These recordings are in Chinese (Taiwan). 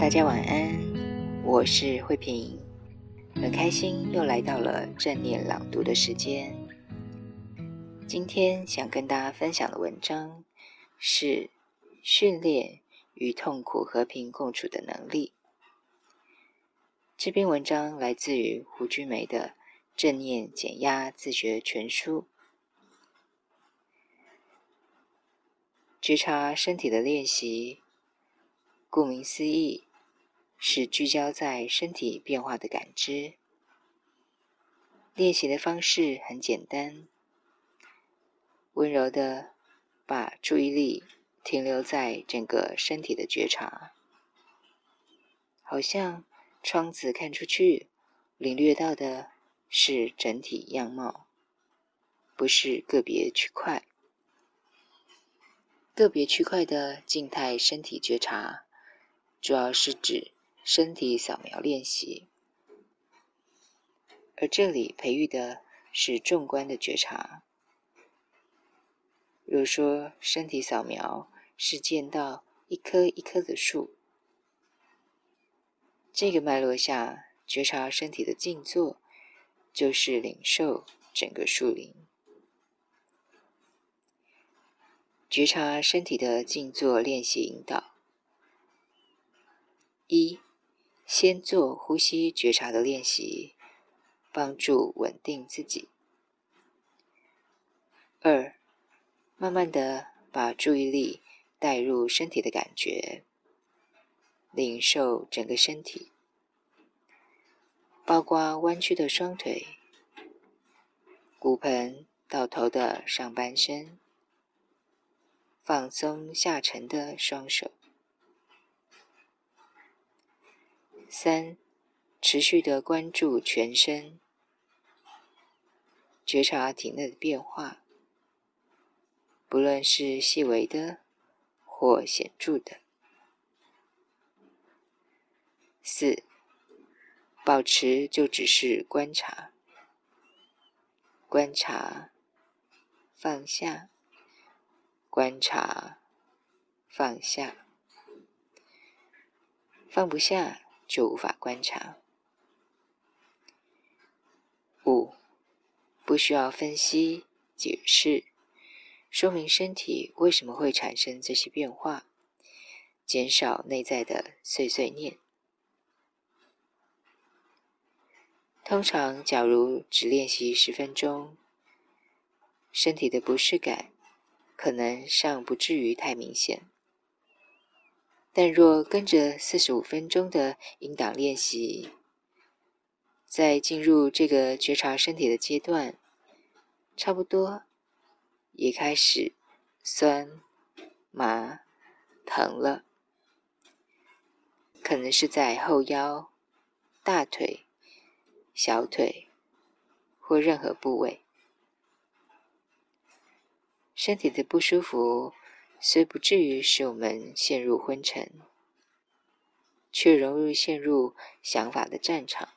大家晚安，我是慧萍，很開心又來到了正念朗讀的時間。今天想跟大家分享的文章是《訓練與痛苦和平共處的能力》。這篇文章來自於胡君梅的《正念減壓自學全書》，覺察身體的練習，顧名思義。是聚焦在身體變化的感知，練習的方式很簡單，溫柔的把注意力停留在整個身體的覺察，好像窗子，看出去，領略到的是整體樣貌，不是個別區塊。個別區塊的靜態身體覺察，主要是指身體掃描練習，而這裡培育的是眾觀的覺察。若說身體掃描是見到一棵一棵的樹，這個脈絡下覺察身體的靜坐，就是領受整個樹林。覺察身體的靜坐練習引導一。先做呼吸覺察的練習，幫助穩定自己。二，慢慢的把注意力帶入身體的感覺，領受整個身體，包括彎曲的雙腿、骨盆到頭的上半身，放鬆下沉的雙手。三，持續的關注全身，覺察體內的變化，不論是細微的或顯著的。四，保持就只是觀察，觀察，放下，觀察，放下，放不下，就無法觀察。五，不需要分析、解釋、說明身體為什麼會產生這些變化，減少內在的碎碎念。通常，假如只練習十分鐘，身體的不適感可能尚不至於太明顯。但若跟着四十五分鐘的引導練習，在進入這個覺察身體的階段，差不多也開始痠、麻、疼了，可能是在後腰、大腿、小腿或任何部位，身體的不舒服，雖不至於使我們陷入昏沉，卻容易陷入想法的戰場。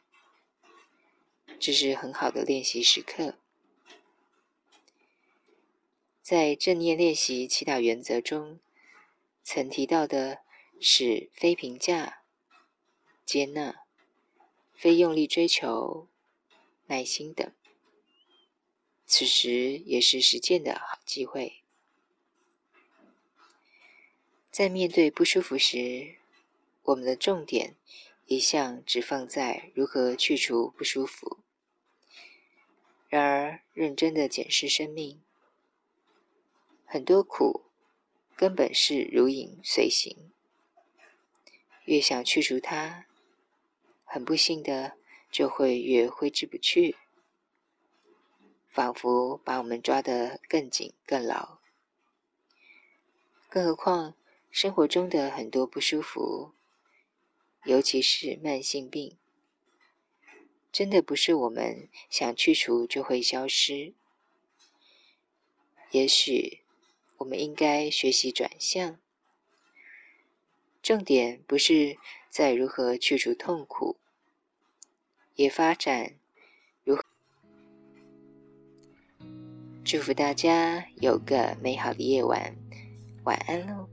這是很好的練習時刻。在正念練習七大原則中，曾提到的是非評價、接納、非用力追求、耐心等。此時也是實踐的好機會。在面對不舒服時，我們的重點一向只放在如何去除不舒服。然而，認真的檢視生命，很多苦根本是如影隨形，越想去除它，很不幸的就會越揮之不去，仿佛把我們抓得更緊、更牢。更何況，生活中的很多不舒服，尤其是慢性病，真的不是我們想去除就會消失。也許我們應該學習轉向，重點不是在如何去除痛苦，也發展如何。祝福大家有個美好的夜晚，晚安嘍。